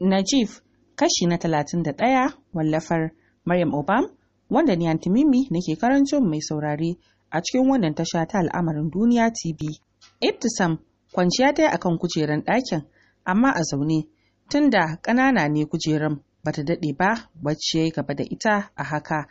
Najif kashi na talatin da ɗaya wallafar Maryam Obam wanda ni Antimimi nake karanto mai saurare a cikin wannan tasha ta al'amarin duniya TV. Ibtisam kwanciya ta akan kujeran ɗakin amma a zaune tunda ƙanana ne kujeran bata daɗe ba bacci yayi gaba da ita a haka.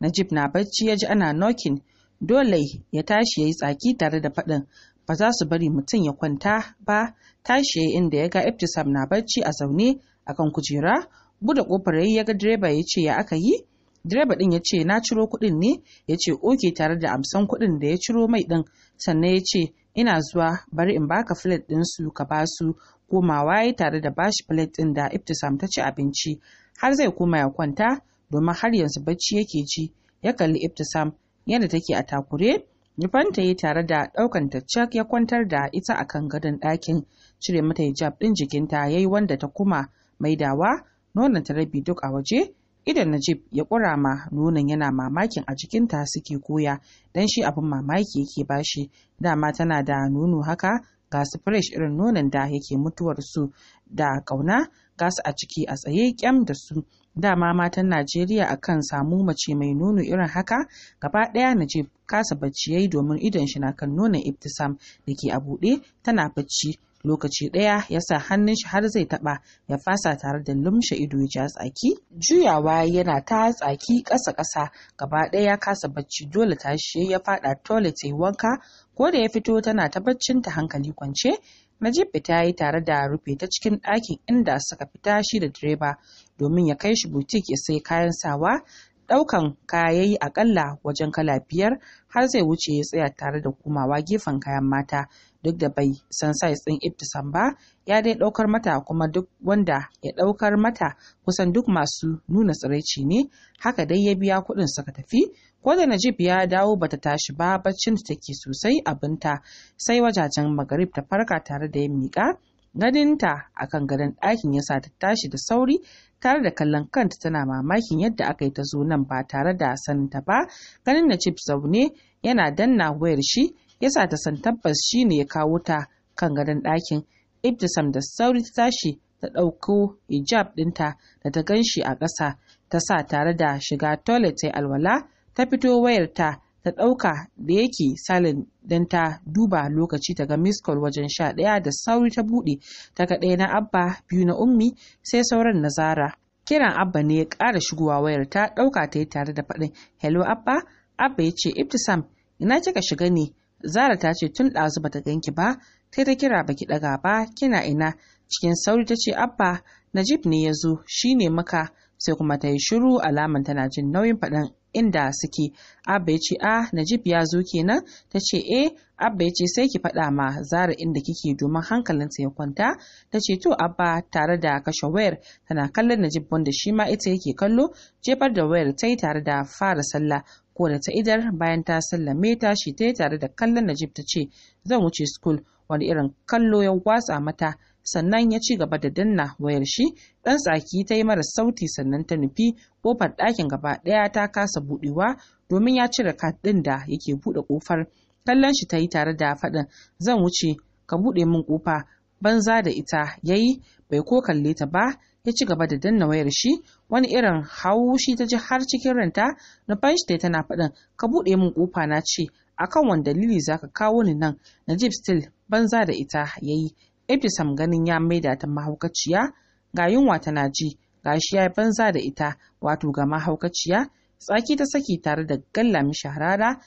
Najib na bacci ya ji ana nokin dole ya tashi ya tsaki tare da faɗin ba za su bari mutum ya kwanta ba tashi ya inda ya ga Ibtisam na bacci a zaune akan kujera buɗe kofar yayi ya ga direba ya ce ya aka yi direba din ya ce na ciro kuɗin ne ya ce oke tare da amsan kuɗin da ya ciro mai ɗin sannan ya ce ina zuwa bari in baka filet ɗin su ka ba basu komawa ya tare da bashi filet ɗin da iftisam ta ci abinci har zai koma ya kwanta domin har yanzu bacci yake ji ya kalli iftisam yadda take a takure Nufanta ya tare da ɗaukan taccak ya kwantar da ita akan gadon ɗakin, cire mata hijab ɗin jikinta ya yi wanda ta kuma Mai maidawa nonon ta rabi duk a waje idan najib ya kurama nonon yana mamakin a jikinta suke koya dan shi abin mamaki yake bashi dama tana da nono haka ga su fresh irin nonon da yake mutuwar su da ƙauna, ga su a ciki a tsaye kyam da su dama matan najeriya akan samu mace mai nono irin haka gaba ɗaya najib kasa bacci yayi domin idon shi na kan nonon ibtisam da ke a buɗe tana bacci lokaci ɗaya ya sa hannun shi har zai taɓa ya fasa tare da lumshe ido ya ja tsaki juyawa yana ta tsaki ƙasa ƙasa gaba ɗaya ya kasa bacci dole tashi ya faɗa toilet ya wanka ko da ya fito tana ta baccin ta hankali kwance Najib fita yi tare da rufe ta cikin ɗakin inda suka fita shi da direba domin ya kai shi butik ya sai kayan sawa Daukan kaya ya akalla wajen kala biyar har zai wuce ya tsaya tare da komawa gefen kayan mata duk da bai san size ɗin iftisan ba ya dai ɗaukar mata kuma duk wanda ya ɗaukar mata kusan duk masu nuna tsiraici ne haka dai ya biya kuɗin suka tafi ko da najib ya dawo bata tashi ba baccin ta take sosai abinta sai wajajen magarib ta farka tare da ya miƙa ganinta a kan gadon ɗakin ya sa ta tashi da sauri tare da kallon kanta tana mamakin yadda aka yi ta zo nan ba tare da saninta ba ganin na chip zaune yana danna wayar shi ya sa ta san tabbas shi ne ya kawo ta kan gadon ɗakin ibtisam da sauri ta tashi ta ɗauko hijab ɗinta da ta gan shi a ƙasa ta sa tare da shiga toilet ta alwala ta fito wayarta ta ɗauka da yake salin don ta duba lokaci daga Miskol wajen sha ɗaya da sauri ta buɗe ta ga na abba biyu na ummi sai sauran na zara kiran abba ne ya ƙara shigowa wayar ta ɗauka ta yi tare da faɗin hello abba abba ya ce ibtisam ina kika shiga ne zara ta ce tun ɗazu bata ganki ba sai ta kira baki ɗaga ba kina ina cikin sauri ta ce abba najib ne ya zo shi ne maka sai kuma ta yi shiru alaman tana jin nauyin faɗin inda suke abba ya ce a najib ya zo kenan ta ce eh abba ya ce sai ki faɗa ma zara inda kike domin hankalinsa ya kwanta ta ce to abba tare da kashe wayar tana kallon najib wanda shi ma ita yake kallo jefar da wayar ta yi tare da fara sallah ko da ta idar bayan ta sallame ta shi ta yi tare da kallon najib ta ce zan wuce school wani irin kallo ya watsa mata sannan ya ci gaba da danna wayar shi ɗan tsaki ta yi mara sauti sannan ta nufi kofar ɗakin gaba ɗaya ta kasa buɗewa domin ya cire kat ɗin da yake buɗe ƙofar. kallon shi ta yi tare da faɗin zan wuce ka buɗe min kofa banza da ita yayi bai ko kalle ta ba ya ci gaba da danna wayar shi wani irin haushi ta ji har cikin ranta nufan shi tana faɗin ka buɗe min ƙofa na ce akan wani dalili zaka kawo ni nan najib still banza da ita yayi Ibtisam ganin ya maida ta mahaukaciya ga yunwa tana ji gashi ya banza da ita wato ga mahaukaciya tsaki ta saki tare da galla mishi harara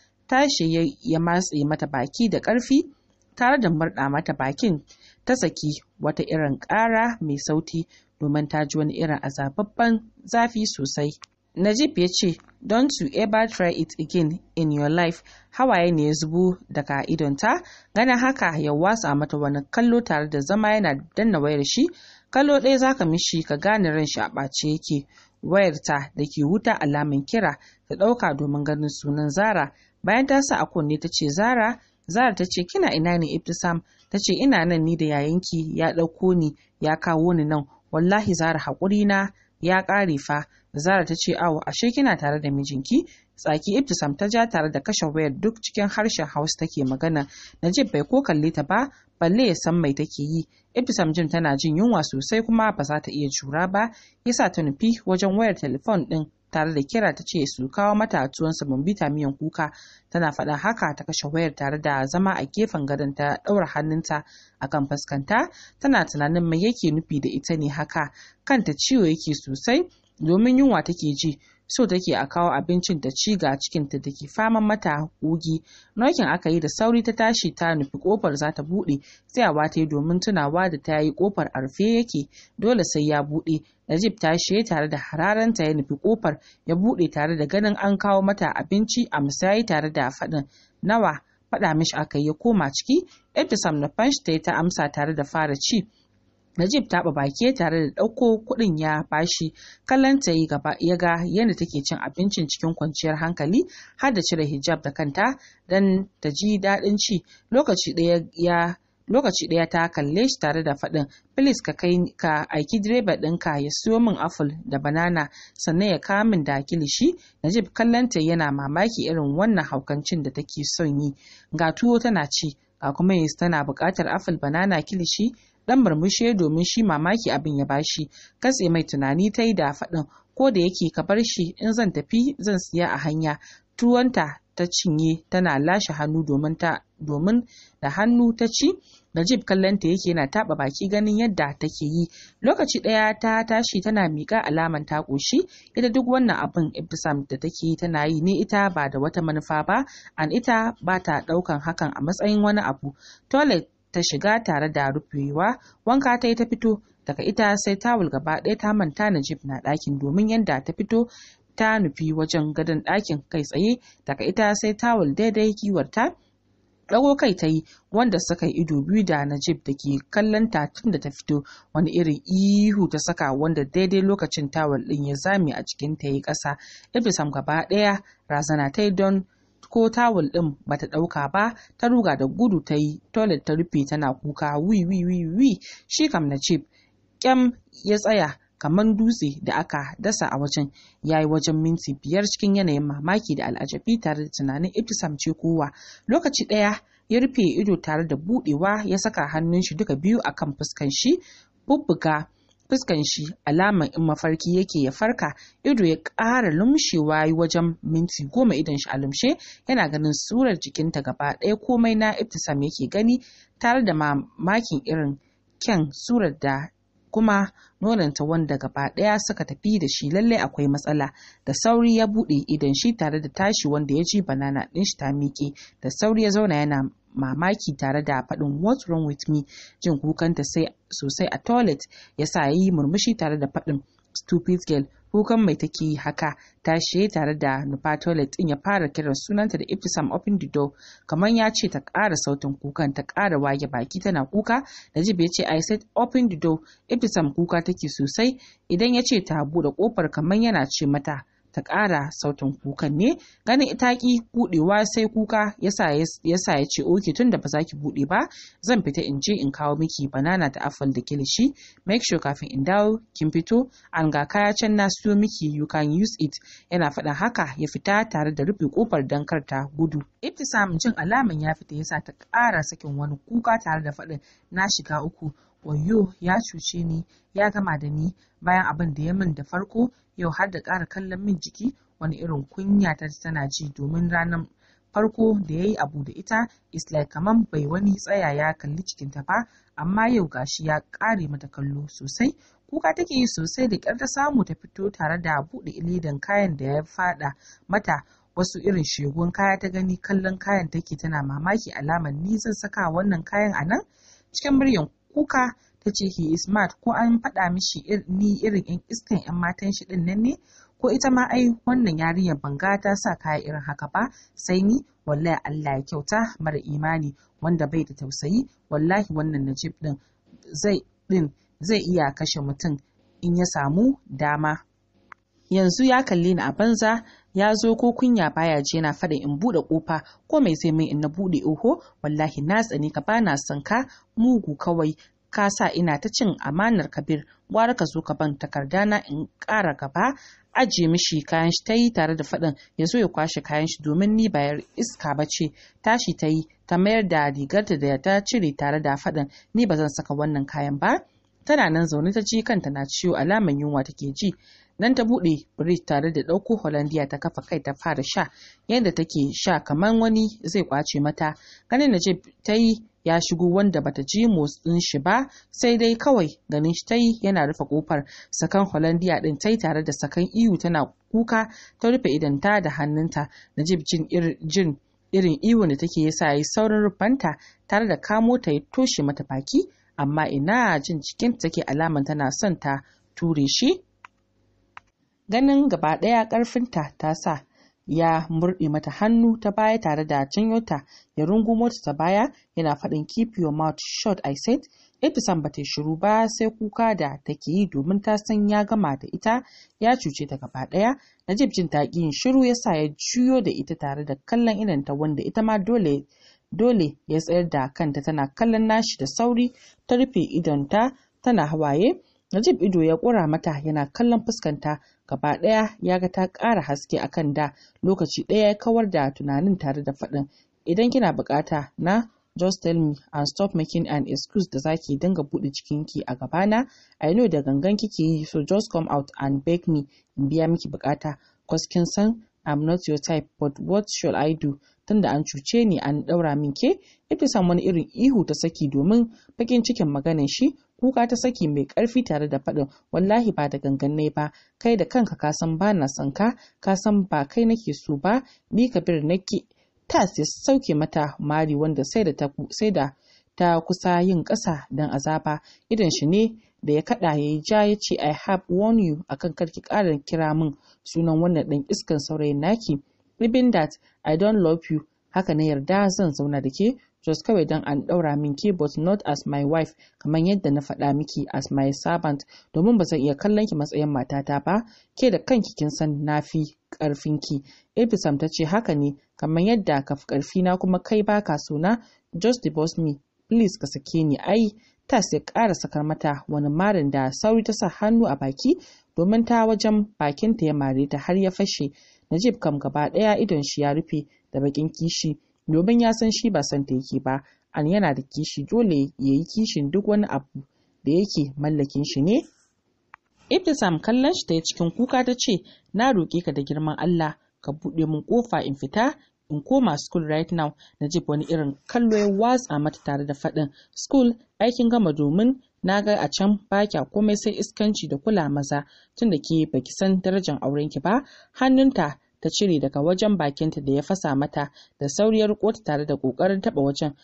shi ya matse mata baki da ƙarfi tare da murɗa mata bakin ta saki wata irin ƙara mai sauti domin ta ji wani irin azababban zafi sosai. Najib ya ce, “Don't you ever try it again in your life,” hawaye ne ya zubo daga idonta, ganin haka ya wasa mata wani kallo tare da zama yana danna wayar shi, kallo ɗaya za ka mishi ka gane ran shi a ɓace yake. Wayarta da ke wuta alaman kira da ɗauka domin ganin sunan Zara, bayan ta sa a kunne ta ce Zara, Zara ta ce kina ina ne Ibtisam, ta ce ina nan ni da yayanki ya ɗauko ni ya kawo ni nan, wallahi Zara haƙuri na ya ƙare fa Zara ta ce awo ashe kina tare da mijinki tsaki ibtisam ta ja tare da kashe wayar duk cikin harshen hausa take magana najib bai ko kalle ta ba balle ya san mai take yi ibtisam jin tana jin yunwa sosai kuma ba za ta iya jura ba yasa ta nufi wajen wayar telefon ɗin, tare da kira ta ce su kawo mata tuwon bita miyan kuka tana faɗa haka ta kashe wayar tare da zama a gefen gadon ta ɗaura hannunta akan fuskanta tana tunanin mai yake nufi da ita ne haka kanta ciwo yake sosai domin yunwa take ji so take a kawo abincin da ci ga cikinta da ke faman mata ƙugi nokin aka yi da sauri ta tashi ta nufi kofar za ta buɗe a wata yi domin tunawa da ta yi kofar a rufe yake dole sai ya buɗe Najib ta shiye tare da hararanta ya nufi kofar ya buɗe tare da ganin an kawo mata abinci a misayi tare da faɗin nawa faɗa mishi aka yi ya koma ciki ibtisam na fanshi ta yi ta amsa tare da fara ci Najib taɓa bake tare da ɗauko kuɗin ya bashi kallon ta yi gaba ya ga yadda take cin abincin cikin kwanciyar hankali har da cire hijab da kanta don ta ji daɗin ci lokaci ɗaya ya lokaci ɗaya ta kalle shi tare da faɗin please ka kai ka aiki direba ɗinka ya siyo min apple da banana sannan ya kawo min da kilishi najib kallon ta yana mamaki irin wannan haukancin da take son yi ga tuwo tana ci ga kuma tana buƙatar apple banana kilishi dan murmushe domin shi mamaki abin ya bashi katse mai tunani ta yi da faɗin ko da yake ka bar shi in zan tafi zan siya a hanya tuwanta ta cinye tana lashe hannu domin ta domin da hannu ta ci Najib kallonta yake yana taɓa baki ganin yadda take yi lokaci ɗaya ta tashi tana miƙa alaman ta ƙoshi ita duk wannan abin ibtisam da take yi tana yi ne ita ba da wata manufa ba an ita ba ta ɗaukan hakan a matsayin wani abu toilet ta shiga tare da rufewa wanka ta yi ta fito daga ita sai tawul gaba ɗaya ta manta najib na ɗakin domin yadda ta fito ta nufi wajen gadon ɗakin kai tsaye daga ita sai tawul daidai kiwarta ɗago kai ta yi wanda suka yi ido biyu da najib da ke kallon ta tun da ta fito wani irin ihu ta saka wanda daidai lokacin tawul ɗin ya zame a cikin ta yi ƙasa ibrisam gaba ɗaya razana ta yi don ko tawul ɗin bata ɗauka ba ta ruga da gudu ta yi toilet ta rufe tana kuka wi wi wi wi shi kam na ce, kyam ya tsaya kamar dutse da aka dasa a wajen ya yi wajen minti biyar cikin yanayin mamaki da al'ajabi tare da tunanin ibtisam ce kowa lokaci ɗaya ya rufe ido tare da buɗewa ya saka hannun shi duka biyu akan fuskan shi bubbuga fuskan shi alaman in mafarki yake ya farka ido ya ƙara lumshewa wajen minti goma idan shi a lumshe yana ganin surar jikinta gaba ɗaya komai na ibtisam yake gani tare da mamakin irin kyan surar da kuma nonanta wanda gaba ɗaya suka tafi da shi lallai akwai matsala da sauri ya buɗe idan shi tare da tashi wanda ya ji banana ɗin shi ta miƙe da sauri ya zauna yana mamaki tare da faɗin what's wrong with me jin kukanta ta sosai a toilet ya sa yi murmushi tare da faɗin stupid girl kukan mai take yi haka ta shiye tare da nufa toilet ɗin ya fara kiran sunanta da ibtisam open the door kamar ya ce ta ƙara sautin kukan ta ƙara wage baki tana kuka najib ya ce i said open the door ibtisam kuka take sosai idan ya ce ta buɗe ƙofar kamar yana ce mata ta ƙara sautin kukan ne ganin ita ki buɗewa sai kuka ya sa ya ce oke tun da ba za ki buɗe ba zan fita in je in kawo miki banana da apple da kilishi make sure kafin in dawo kin fito an ga kaya can na siyo miki you can use it yana faɗin haka ya fita tare da rufe kofar don karta gudu ita ibtisam jin alaman ya fita ya sa ta ƙara sakin wani kuka tare da faɗin na shiga uku wayyo ya cuce ni ya gama da ni bayan abin da ya min da farko yau har da ƙara kallon min jiki wani irin kunya ta tana ji domin ranar farko da ya yi abu da ita is like kaman bai wani tsaya ya kalli cikin ta ba amma yau gashi ya ƙare mata kallo sosai kuka take yi sosai da ƙyar ta samu ta fito tare da buɗe ledan kayan da ya faɗa mata wasu irin shegun kaya ta gani kallon kayan take tana mamaki alamar ni zan saka wannan kayan a nan cikin muryan kuka ta ce he is mad ko an faɗa mishi ni irin yan iskan yan matan shi din nan ne ko ita ma ai wannan yarinyar banga ta sa kaya irin haka ba sai ni wallahi Allah ya kyauta mara imani wanda bai da tausayi wallahi wannan Najib din zai din zai iya kashe mutum in ya samu dama yanzu ya kalli ni a banza ya zo ko kunya baya ji yana faɗin in buɗe kofa ko mai zai min in na buɗe oho wallahi na tsani ka bana son ka mugu kawai ka sa ina ta cin amanar kabir gwara ka zo ka ban takarda na in kara gaba ajiye mishi kayan shi ta yi tare da faɗin ya zo ya kwashe kayan shi domin ni bayar iska ba ce tashi ta yi ta mayar da rigarta da ta cire tare da faɗin ni ba zan saka wannan kayan ba tana nan zaune ta ji kanta na ciwo alaman yunwa take ji nan ta buɗe bridge tare da ɗauko hollandiya ta kafa kai ta fara sha yadda take sha kamar wani zai kwace mata ganin na ta yi ya shigo wanda bata ji motsin shi ba sai dai kawai ganin shi ta yi yana rufe kofar sakan hollandiya din tai tare da sakan iyu tana kuka ta rufe idan ta da hannunta najib jin jin irin iwon da take yasa yi saurin rufanta tare da kamo ta ya toshe mata baki amma ina jin cikin take alaman tana son ta ture shi ganin gaba ɗaya ƙarfinta ta sa ya murɗe mata hannu ta baya tare da cinyota ya rungumo ta baya yana faɗin keep your mouth shut I said Ibsam ba ta shiru ba sai kuka da take yi domin ta san ya gama da ita ya cuce ta gaba ɗaya Najib jin ta yin shiru ya sa ya juyo da ita tare da kallon idanta wanda ita ma dole dole ya tsayar da kanta tana kallon nashi da sauri ta rufe idonta tana hawaye Najib ido ya kura mata yana kallon fuskanta gaba ɗaya ya ga ta ƙara haske a kan da lokaci ɗaya ya kawar da tunanin tare da faɗin idan kina bukata na just tell me and stop making an excuse da zaki dinga buɗe ki a gabana I know da gangan kike yi so just come out and beg me in biya miki bukata cause kin san I'm not your type but what shall I do tunda an cuce ni an ɗaura min ke ita samu wani irin ihu ta saki domin bakin cikin maganin shi kuka ta saki mai ƙarfi tare da faɗin wallahi ba da ganganai ba kai da kanka ka san ba na san ka ka san ba kai nake so ba ni kabir nake ta sai sauke mata mari wanda sai da ta sai da ta kusa yin ƙasa don azaba idan shi ne da ya kaɗa ya yi ja ya ce i have won you akan karki ƙara kira min sunan wannan ɗan iskan saurayin naki even that i don't love you haka na yarda zan zauna da ke just kawai don an ɗaura min keyboard not as my wife kamar yadda na faɗa miki as my servant domin ba zan iya kallon ki matsayin matata ba ke da kanki kin san na fi ki ibisam ta ce haka ne kamar yadda ka fi ƙarfi na kuma kai baka suna just divorce me please ka sake ni ai ta sai ƙara sakar mata wani marin da sauri ta sa hannu a baki domin ta wajen bakinta ya mare ta har ya fashe najib kam gaba ɗaya idon shi ya rufe da bakin kishi domin ya san shi ba son ta yake ba an yana da kishi dole ya yi kishin duk wani abu da yake mallakin shi ne ibtisam kallon shi ta cikin kuka ta ce na roƙe ka da girman allah ka buɗe mun ƙofa in fita in koma school right now na ji wani irin kallo ya watsa mata tare da faɗin school aikin gama domin na ga a can bakya komai sai iskanci da kula maza tunda da ke baki san darajar aurenki ba hannunta ta cire daga wajen bakinta da ya fasa mata da sauriyar kotu tare da ƙoƙarin taɓa wajen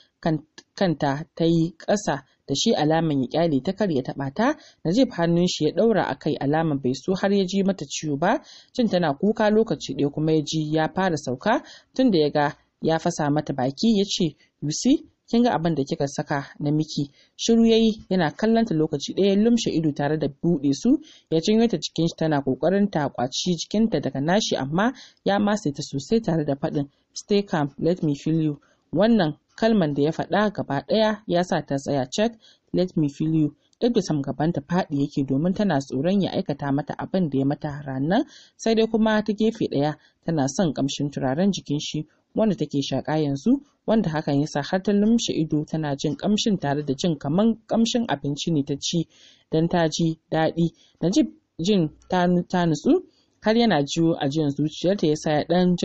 kanta ta yi ƙasa da shi alaman ya kyale ta karya ya taɓa ta najib hannun shi ya ɗaura a kai alaman bai so har ya ji mata ciwo ba jin tana kuka lokaci ɗaya kuma ya ji ya fara sauka tun da ya ga ya fasa mata baki ya ce yusi kin ga abin da kika saka na miki shiru yayi yana kallon ta lokaci ɗaya lumshe ido tare da buɗe su ya janyo ta cikin shi tana kokarin ta kwaci jikinta daga nashi amma ya matse ta sosai tare da faɗin stay calm let me feel you wannan kalman da ya faɗa gaba ɗaya ya sa ta tsaya check let me feel you duk da sam gabanta faɗi yake domin tana tsoron ya aikata mata abin da ya mata ranar sai dai kuma ta gefe ɗaya tana son ƙamshin turaren jikin shi wanda take shaƙa yanzu wanda hakan ya sa har ta lumshe ido tana jin ƙamshin tare da jin kaman ƙamshin abinci ne ta ci don ta ji daɗi najib jin ta nutsu har yana jiwo a jiyan zuciyarta ya sa ya ɗan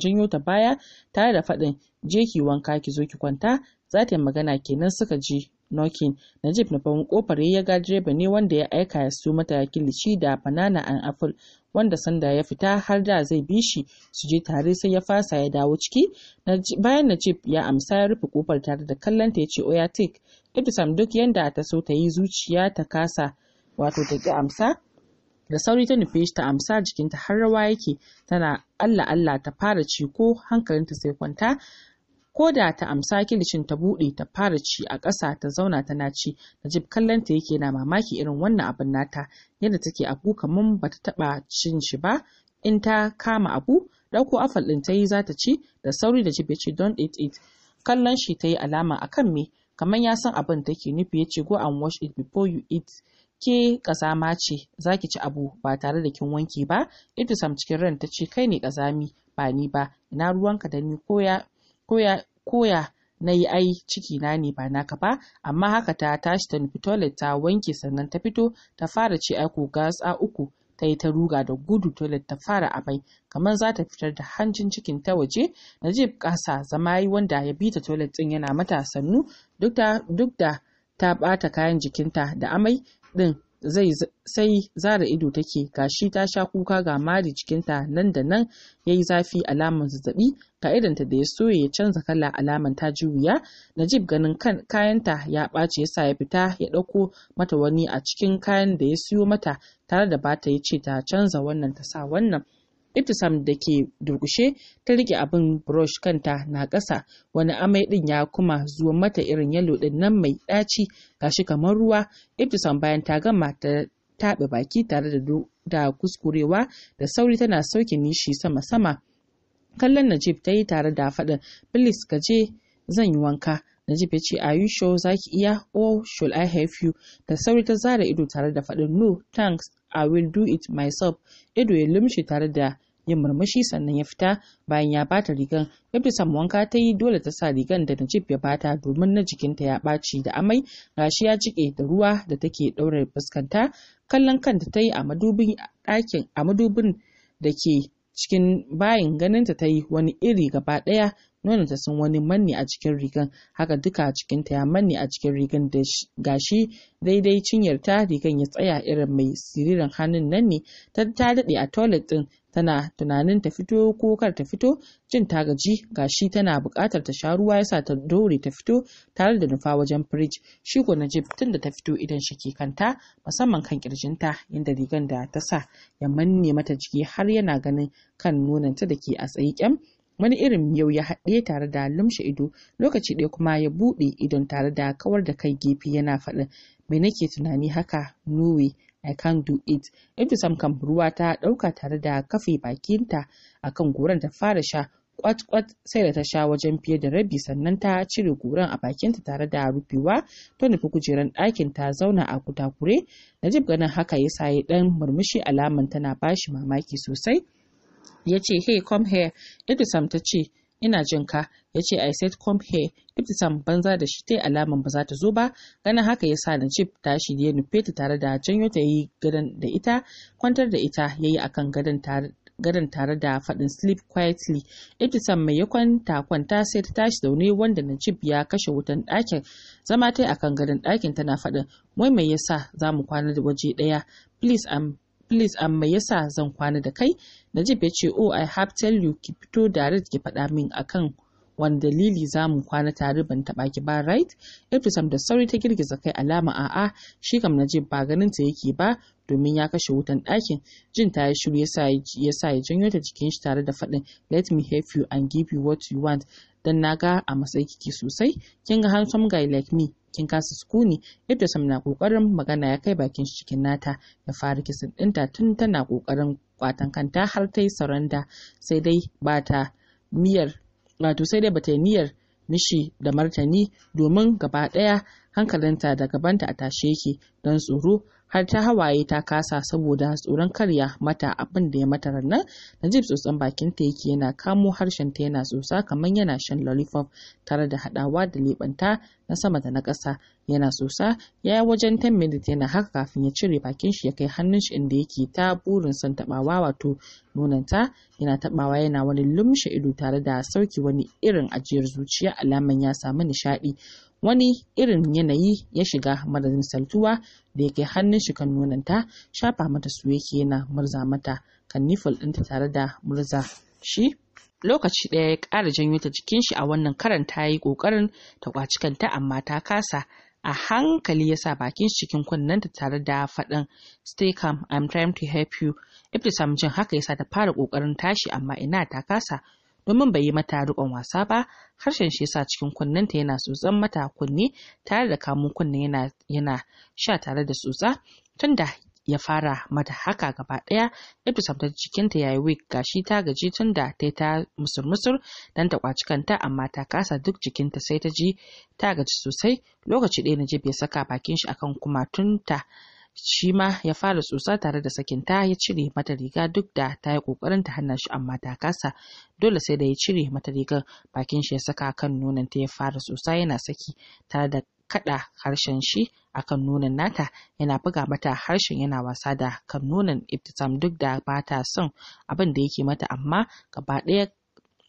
janyo ta baya tare da faɗin je ki wanka ki zo ki kwanta za ta yi magana kenan suka ji knocking najib na farin kofar ya ga direba ne wanda ya aika ya siyo mata ya kilishi da banana an apple wanda sanda ya fita har da zai bi shi su je tare sai ya fasa ya dawo ciki bayan najib ya amsa ya rufe kofar tare da kallonta ya ce oya tik ibsam duk yanda ta so ta yi zuciya ta kasa wato ta ki amsa da sauri ta nufe shi ta amsa jikinta har rawa yake tana allah allah ta fara ciko hankalinta sai kwanta ko da ta amsa kilicin ta buɗe ta fara ci a ƙasa ta zauna tana ci najib kallon ta yake na mamaki irin wannan abin nata yadda take abu ba ta taɓa cin shi ba in ta kama abu ɗauko afal ɗin ta yi za ta ci da sauri da jib ya ce don it it kallon shi ta yi alama a kan me kamar ya san abin take nufi ya ce go and wash it before you eat ke ƙazama ce za ki ci abu ba tare da kin wanke ba sam cikin ran ta ce kai ne ƙazami ba ni ba ina ruwanka da ni ko ya koya koya na yi ai ciki na ne ba naka ba amma haka ta tashi ta nufi toilet ta wanke sannan ta fito ta fara ce ai ko gasa uku ta yi ta ruga da gudu toilet ta fara amai kamar za ta fitar da hancin cikin ta waje najib kasa zama yi wanda ya bi ta toilet din yana mata sannu duk da ta bata kayan jikinta da amai din zai sai zara ido take gashi ta sha kuka ga mari jikinta nan da nan ya yi zafi alamar zazzabi ka idanta da ya soya ya canza kala alamar ta ji wuya najib ganin kan kayanta ya ɓace yasa ya fita ya ɗauko mata wani a cikin kayan da ya siyo mata tare da bata ya ce ta canza wannan ta sa wannan Ibtisam da ke durkushe ta rike abin brush kanta na ƙasa wani amai din ya kuma zuwa mata irin yalo din nan mai ɗaci gashi kamar ruwa Ibtisam bayan ta gama ta taɓe baki tare da da kuskurewa da sauri tana sauke nishi sama-sama kallon Najib ta yi tare da faɗin Bilis ka zan yi wanka Najib ya ce are you sure za ki iya oh should I help you da sauri ta zara ido tare da faɗin no thanks I will do it myself ido ya lumshe tare da yin murmushi sannan ya fita bayan ya bata rigan samu wanka ta yi dole ta sa rigan da najib ya bata domin na jikinta ya ɓaci da amai gashi ya jike da ruwa da take ɗaure fuskanta kallon kanta ta yi a madubin da ke cikin bayin ganinta ta yi wani iri gaba ɗaya nonanta sun wani manne a cikin rigan haka duka a cikinta ya manne a cikin rigan da gashi daidai cinyar ta rigan ya tsaya irin mai siririn hannun nan ne ta dade a toilet ɗin tana tunanin ta fito ko kar ta fito jin ta gaji gashi tana bukatar ta sha ruwa yasa ta dore ta fito tare da nufa wajen firij shi ko Najib tunda ta fito idan shi ke kanta musamman kan ta inda rigan da ta sa ya manne mata jiki har yana ganin kan nonanta da ke a tsaye kyam wani irin yau ya haɗe tare da lumshe ido lokaci ɗaya kuma ya buɗe idon tare da kawar da kai gefe yana faɗin me nake tunani haka nuwe I can do it. sam kan ruwa ta ɗauka tare da kafe bakinta akan goran ta fara sha kwat-kwat sai da ta sha wajen fiye da rabi sannan ta cire goran a bakinta tare da rufewa ta nufi kujeran ɗakin ta zauna a kutakure. Najib ganin haka ya sa ya ɗan murmushi alaman tana bashi mamaki sosai. ya ce hey come here ibtisam ta ce ina jin ka ya ce i said come here ibtisam banza da shi ta yi alaman ba za ta zo ba ganin haka ya sa najib tashi ya nufe ta tare da janyo ta yi gadon da ita kwantar da ita ya yi akan gadon tare gadon tare da faɗin sleep quietly ibtisam mai ya kwanta kwanta sai ta tashi zaune wanda najib ya kashe wutan ɗakin zama ta yi akan gadon, ɗakin tana faɗin wai mai yasa za mu kwana da waje ɗaya please am please amma yasa zan kwana da kai najib ya ce oh i have tell you ki fito da ki faɗa min akan wani dalili za mu kwana tare ban taɓa ki ba right sam da sauri ta girgiza kai alama a'a shi kam najib ba ganin ta yake ba domin ya kashe wutan ɗakin jin ta yi shiru ya sa ya janyo ta jikin shi tare da faɗin let me help you and give you what you want dan na ga a matsayi kike sosai kin ga handsome guy like me kin kasa sukuni yadda sam na kokarin magana ya kai bakin shi cikin nata ya fara kisan ɗinta tun tana kokarin kwatan kanta har ta yi saranda sai dai ba ta miyar wato sai dai bata yi niyyar mishi da martani domin gaba ɗaya hankalinta da gabanta a tashe yake don tsoro har ta hawaye ta kasa saboda tsoron karya mata abin da ya mata rannan najib tsotsan bakin ta yake yana kamo harshen ta yana tsotsa kamar yana shan lollipop tare da hadawa da lebanta na sama da na ƙasa yana tsotsa ya yi wajen 10 minutes yana haka kafin ya cire bakin shi ya kai hannun shi inda yake ta burin son tabawa wato ta yana tabawa yana wani lumshe ido tare da sauki wani irin ajiyar zuciya alaman ya samu nishadi. wani irin yanayi ya shiga mara misaltuwa da yake hannun shi kan nonanta shafa mata su yake yana murza mata kan nifil ɗinta tare da murza shi lokaci ɗaya ya ƙara janyo ta jikin shi a wannan karan ta yi ƙoƙarin ta ƙwaci kanta amma ta kasa a hankali ya sa bakin shi cikin kunnenta tare da faɗin stay calm i'm trying to help you ibtisam jin haka ya sa ta fara ƙoƙarin tashi amma ina ta kasa domin bai yi mata rikon wasa ba harshen shi yasa cikin ta yana tsotsan mata kunne tare da kamun kunne yana yana sha tare da tsotsa tunda ya fara mata haka gaba ɗaya Ibtisam ta jikinta yayi wig gashi ta gaji tunda ta ta musur dan ta kwaci kanta amma ta kasa duk jikinta sai ta ji ta gaji sosai lokaci ɗaya na Najib ya saka bakin shi akan kumatunta shi ma ya fara tsotsa tare da sakin ta ya cire mata riga duk da ta yi kokarin ta hana shi amma ta kasa dole sai da ya cire mata rigar bakin shi ya saka kan nonon ta ya fara tsotsa yana saki tare da kada harshen shi akan nonon nata yana buga mata harshen yana wasa da kan nonon ibtisam duk da ba ta son abin da yake mata amma gaba ɗaya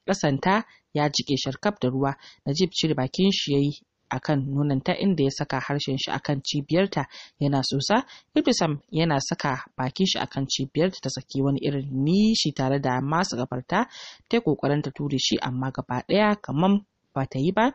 kasanta ya jike sharkaf da ruwa najib cire bakin shi yayi akan ta inda ya saka harshen shi akan cibiyarta yana sosa ibrisam yana saka bakin shi akan cibiyarta ta saki wani irin nishi tare da masu gabarta ta kokarin ta ture shi amma gaba ɗaya kamar ba ta yi ba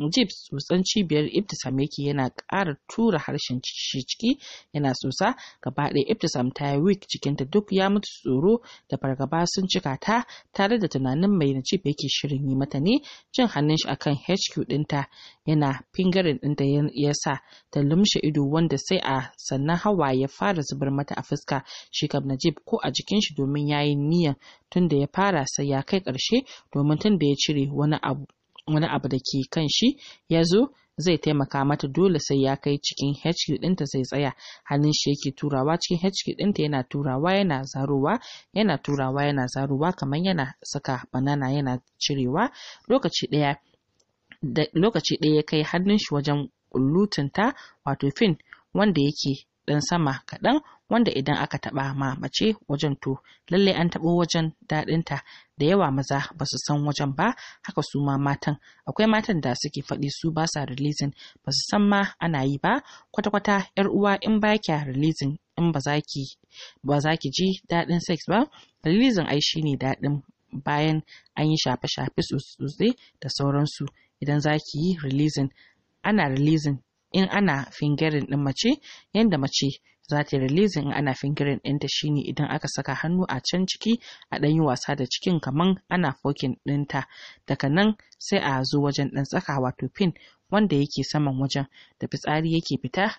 mujib tsotsan cibiyar ibtisam yake yana ƙara tura harshen shi ciki yana sosa gaba ɗaya ibtisam ta yi wik cikinta duk ya mutu tsoro da fargaba sun cika ta tare da tunanin mai najib yake shirin yi mata ne jin hannun shi akan hq ɗinta yana fingaren ɗinta ya sa ta lumshe ido wanda sai a sannan hawa ya fara zubar mata a fuska shi kam najib ko a jikin shi domin ya yi niyan tun ya fara sai ya kai ƙarshe domin tunda ya cire wani abu wani abu da ke kan shi ya zo zai taimaka mata dole sai ya kai cikin HQ ɗinta zai tsaya hannun shi yake turawa cikin HQ ɗinta yana turawa yana zarowa yana turawa yana zarowa kamar yana saka banana yana cirewa lokaci ɗaya lokaci ɗaya ya kai hannun shi wajen kullutunta wato fin wanda yake ɗan sama kaɗan wanda idan aka taɓa ma mace wajen to lallai an taɓo wajen daɗinta da yawa maza ba su san wajen ba haka su ma matan akwai matan da suke faɗi su ba sa releasing ba su san ma ana yi ba kwata-kwata yar uwa in ba kya releasing in ba za ki ji daɗin sex ba releasing ai shine daɗin bayan an yi shafe-shafe sosai da sauransu idan za ki yi releasing ana releasing in ana fingerin ɗin mace yadda mace za ta yi releasing in ana fingirin ɗinta shine idan aka saka hannu a can ciki a ɗan yi wasa da cikin kaman ana fokin ɗinta daga nan sai a zo wajen ɗan tsaka wato pin wanda yake saman wajen da fitsari yake fita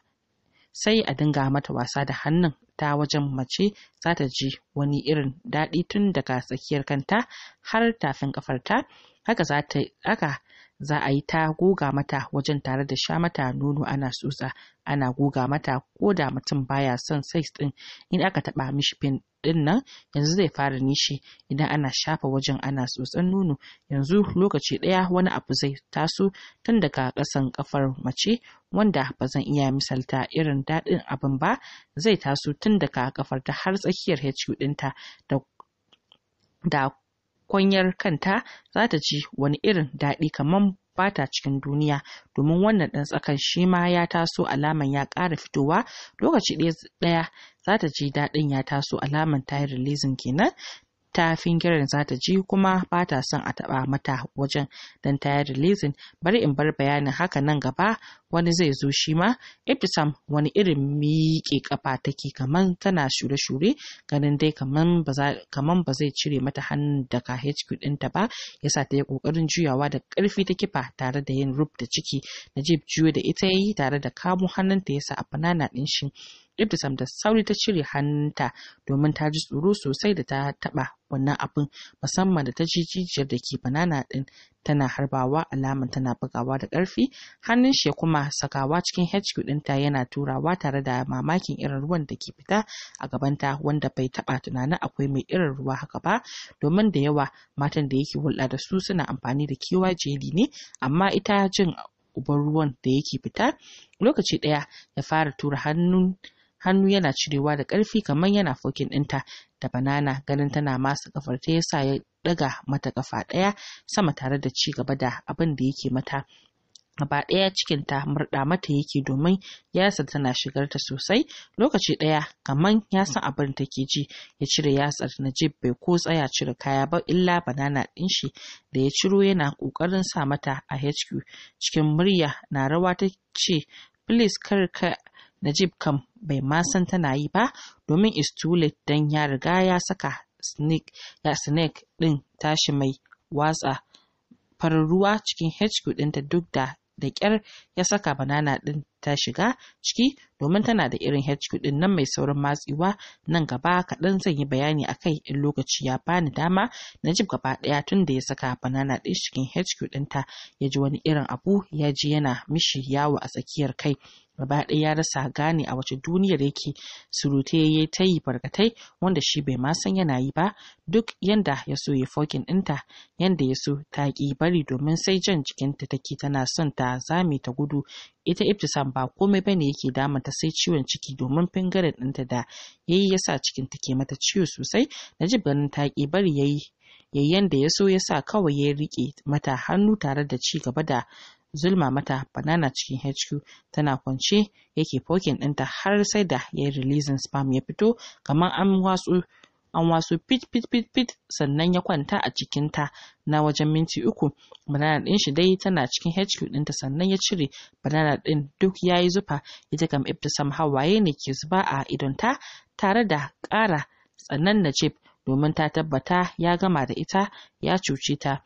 sai a dinga mata wasa da hannun ta wajen mace za ta ji wani irin daɗi tun daga tsakiyar kanta har tafin ƙafarta haka za ta haka za a yi ta goga mata wajen tare da sha mata nono ana tsotsa ana goga mata ko da mutum baya son sex ɗin in aka taɓa mishi pin din nan yanzu zai fara nishi idan ana shafa wajen ana tsotsan nono yanzu lokaci ɗaya wani abu zai taso tun daga kasan kafar mace wanda ba zan iya misalta irin daɗin abin ba zai taso tun daga kafar ta har tsakiyar HQ ɗinta da kwanyar kanta za ta ji wani irin daɗi kamar bata cikin duniya domin wannan ɗan tsakan shi ma ya taso alaman ya ƙara fitowa lokaci ɗaya za ta ji daɗin ya taso alaman ta yi releasing kenan ta fingirin za ta ji kuma ba ta son a taɓa mata wajen don ta yi releasing bari in bar bayanin haka nan gaba wani zai zo shi ma ibtisam wani irin miƙe kafa take kaman tana shure-shure ganin dai kaman ba zai cire mata hannun daga hq ɗinta ba yasa ta yi ƙoƙarin juyawa da ƙarfi ta kifa tare da yin rub da ciki najib juyo da ita yi tare da kamo hannunta yasa a fanana ɗin shi ibtisam da sauri ta cire hannunta domin ta ji tsoro sosai da ta taba wannan abin musamman da ta ji jijiyar da ke banana din tana harbawa alaman tana bugawa da ƙarfi hannun shi kuma sakawa cikin HQ ɗinta yana turawa tare da mamakin irin ruwan da ke fita a gabanta wanda bai taba tunanin akwai mai irin ruwa haka ba domin da yawa matan da yake hulɗa da su suna amfani da kewa jeli ne amma ita jin uban ruwan da yake fita lokaci ɗaya ya fara tura hannun hannu yana cirewa da ƙarfi kamar yana fokin ɗinta da banana ganin tana masa ƙafar ta yasa ya ɗaga mata kafa ɗaya sama tare da ci gaba da abin da yake mata gaba ɗaya cikin ta murɗa mata yake domin ya yasa tana shigar ta sosai lokaci ɗaya kamar ya san abin da take ji ya cire yatsar Najib bai ko tsaya cire kaya ba illa banana ɗin shi da ya ciro yana ƙoƙarin sa mata a HQ cikin murya na rawa ta ce please kar ka Najib kam bai ma san tana yi ba domin is too late dan ya riga ya saka snake ya din tashi mai watsa farin ruwa cikin HQ ɗinta duk da da ƙyar ya saka banana ɗin ta shiga ciki domin tana da irin HQ din nan mai saurin matsiwa nan gaba kaɗan zan yi bayani a kai in lokaci ya bani dama na ji gaba ɗaya tun da ya saka banana ɗin cikin HQ ɗinta ya ji wani irin abu ya ji yana mishi yawo a tsakiyar kai gaba ɗaya ya rasa gane a wace duniyar yake surute ya ta yi barkatai wanda shi bai ma san yana yi ba duk yanda ya so ya fokin ɗinta yanda ya so ta ƙi bari domin sai jan jikinta take tana son ta zame ta gudu ita ibtisam ba komai bane yake ta sai ciwon ciki domin fingaren ɗinta da ya yi ya sa cikin take mata ciwo sosai Na ji ganin ta ƙi bari yi yayyan da ya so ya sa kawai ya riƙe mata hannu tare da ci gaba da zulma mata banana cikin HQ tana kwance yake pokin ɗinta har sai da ya yi releasing spam ya fito kamar an watsu an wasu pit pit pit pit sannan ya kwanta a cikin ta. na wajen minti uku banana ɗin shi dai tana cikin HQ ɗinta sannan ya cire banana ɗin duk ya yi zufa ita kam Ibtisam hawaye ne ke zuba a idonta tare da ƙara tsanan chip domin ta tabbata ya gama da ita ya cuce ta.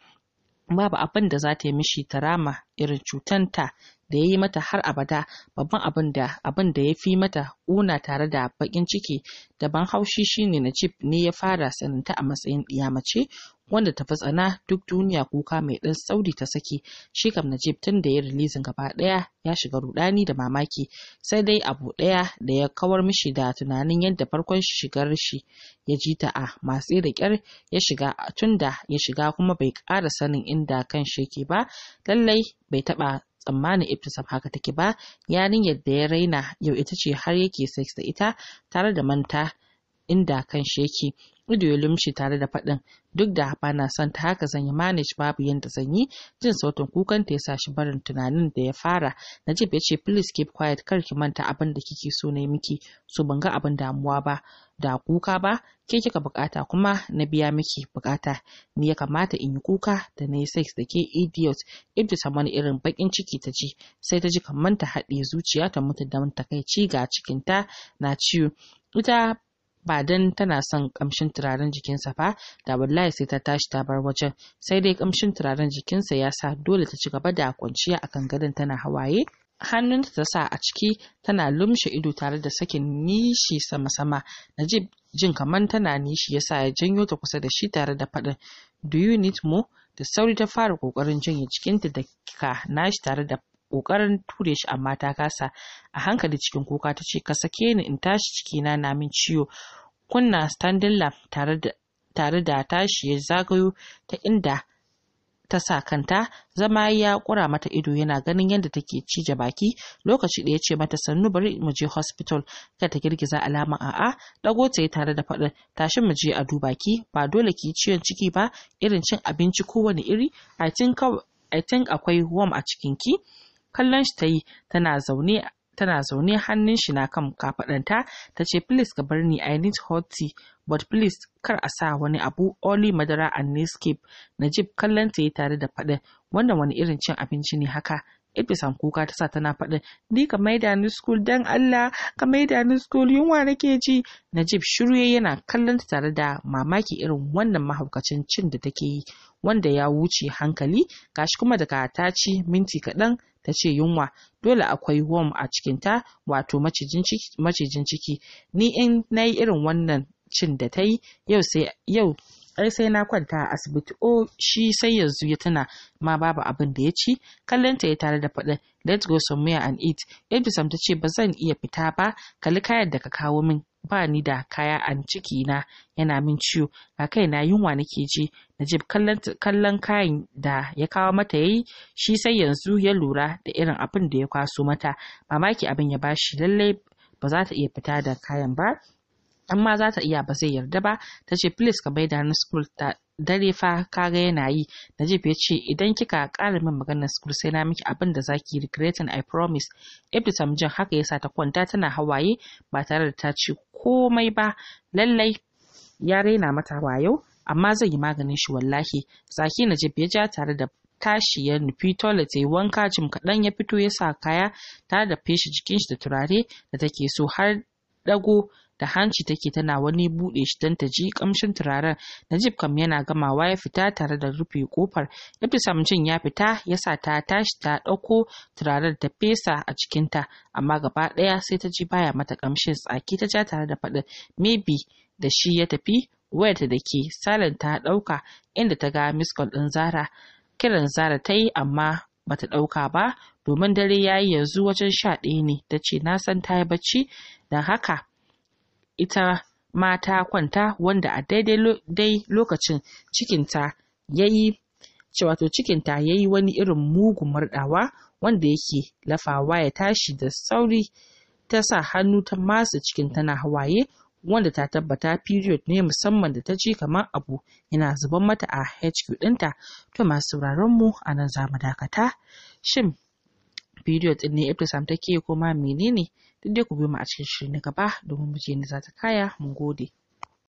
babu abin da ta yi mishi ta rama irin cutan ta da ya yi mata har abada babban abin da abin ya fi mata ƙuna tare da baƙin ciki da ban haushi shine Najib ne ya fara saninta a matsayin ɗiya mace wanda ta tsana duk duniya kuka mai ɗan sauri ta saki shi kam Najib tun da ya rilizin gaba ɗaya ya shiga rudani da mamaki sai dai abu ɗaya da ya kawar mishi da tunanin yadda farkon shigar shi ya ji ta a matsi da ƙyar ya shiga tun da ya shiga kuma bai ƙara sanin inda kan shi yake ba lallai bai taɓa tsammanin Ibtisam haka take ba yarinyar yadda ya raina yau ita ce har yake sex da ita tare da manta inda kan shi yake ido ya lumshi tare da faɗin duk da ba na son ta haka zan yi manage babu yadda zan yi jin sautin kukan ta ya sa shi barin tunanin da ya fara najib ya ce please keep quiet kar ki manta abin da kike so na miki so ban ga abin damuwa ba da kuka ba ke kika bukata kuma na biya miki bukata ni ya kamata in yi kuka da na yi sex da ke idiot ibtisam wani irin bakin ciki ta ji sai ta ji kamar ta haɗe zuciya ta mutu da takaici ga cikinta na ciwo ita ba dan tana son kamshin turaren jikinsa fa da wallahi sai ta tashi ta bar wajen sai dai kamshin turaren jikinsa ya sa dole ta ci gaba da kwanciya a kan gadon tana hawaye hannunta ta sa a ciki tana lumshe ido tare da sakin nishi sama-sama najib jin kamar tana nishi ya sa ya janyo ta kusa da shi tare da faɗin do you need more da sauri ta fara ƙoƙarin janye cikinta da ka nashi tare da ƙoƙarin ture shi amma ta kasa a hankali cikin kuka ta ce ka sake ni in tashi cikina na min ciwo kunna standing lamp tare da tare da tashi ya zagayo ta inda ta sa kanta zama ya kura mata ido yana ganin yadda take cije baki lokaci da ya ce mata sannu bari mu je hospital ka ta girgiza alaman a'a dago ta yi tare da faɗin "Tashi mu je a duba ki ba dole ki ciwon ciki ba irin cin abinci kowane iri i think akwai warm a cikin ki kallon shi ta yi tana zaune tana zaune hannun shi na kan kafadanta ta ce please ka bar ni i need hot tea but please kar a sa wani abu oli madara and nescape najib kallon ta yi tare da faɗin wannan wani irin cin abinci ne haka ibisan kuka ta sa tana faɗin ni ka maida ni school dan Allah ka maida ni school yunwa nake ji Najib shiru yana kallon ta tare da mamaki irin wannan mahaukacin cin da take yi wanda ya wuce hankali gashi kuma daga ta ci minti kaɗan ta ce yunwa dole akwai worm a cikinta wato macijin ciki ni in na yi irin wannan cin da ta yi yau sai yau ai sai na kwanta a asibiti O shi sai yanzu ya tuna ma babu abin da ya ci kallonta ya tare da faɗin let's go somewhere and eat ibtisam ta ce ba zan iya fita ba kalli kayan da ka kawo min ba ni da kaya a ciki na yana min ciwo a kai na yunwa nake ji najib kallon kayan da ya kawo mata yayi shi sai yanzu ya lura da irin abin da ya kwaso mata mamaki abin ya bashi lallai ba za ta iya fita da kayan ba amma za ta iya ba zai yarda ba ta ce please ka maida ni school ta dare fa kaga yana yi Najib ya ce idan kika ƙara min maganar school sai na miki abin da zaki regretting I promise Ibtisam jin haka yasa ta kwanta tana hawaye ba tare da ta ce komai ba lallai ya raina mata wayo amma zai yi maganin shi wallahi zaki Najib ya ja tare da tashi ya nufi toilet ya wanka jim kaɗan ya fito ya sa kaya tare da feshi jikin shi da turare da take so har dago da hanci take tana wani bude shi don ta ji kamshin turaren najib kam yana gamawa ya fita tare da rufe kofar ibtisam jin ya fita ya sa ta tashi ta dauko turaren ta fesa a cikinta amma gaba ɗaya sai ta ji baya mata kamshin tsaki ta ja tare da faɗin maybe da shi ya tafi wayarta da ke salin ta ɗauka inda ta ga call ɗin zara kiran zara ta yi amma bata ɗauka ba domin dare ya yi yanzu wajen sha ɗaya ne ta ce na san ta yi bacci don haka ita ma ta kwanta wanda a daidai dai lokacin cikinta ya yi wato cikinta ya yi wani irin mugun murɗawa wanda yake lafawa ya tashi da sauri ta sa hannu ta masa cikin tana hawaye wanda ta tabbata period ne musamman da ta ji kamar abu yana zuban mata a HQ ɗinta to masu sauraron mu a nan za mu dakata shin period ɗin ne Ibtisam take ko ma menene duk dai ku bi mu a cikin shiri na gaba domin mu je ni za ta kaya mun gode